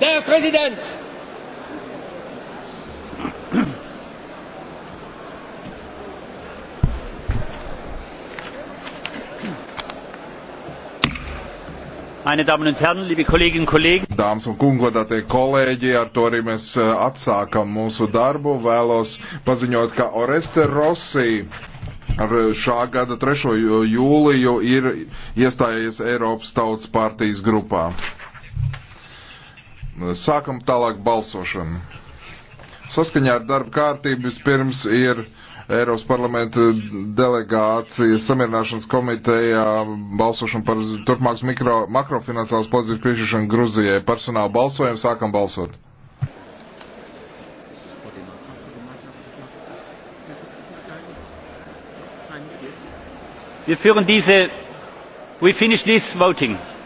Der Präsident! Meine Damen und Herren, liebe Kolleginnen und Kollegen. Dāmas un kungi, godātie kolēģi, ar to arī mēs eh, atsākam mūsu darbu. Vēlos paziņot, ka Oreste Rossi ar šā gada 3. jūliju ir iestājies Eiropas Tautas partijas grupā. Sākam tālāk balsošanu. Saskaņā ar darba kārtību vispirms ir Eiropas parlamenta delegācijas samierināšanas komitejā balsošana par turpmākas mikro, makrofinansālas palīdzības piešķiršanu Gruzijai. Personāla balsojumu sākam balsot. Wir führen diese, we finish this voting.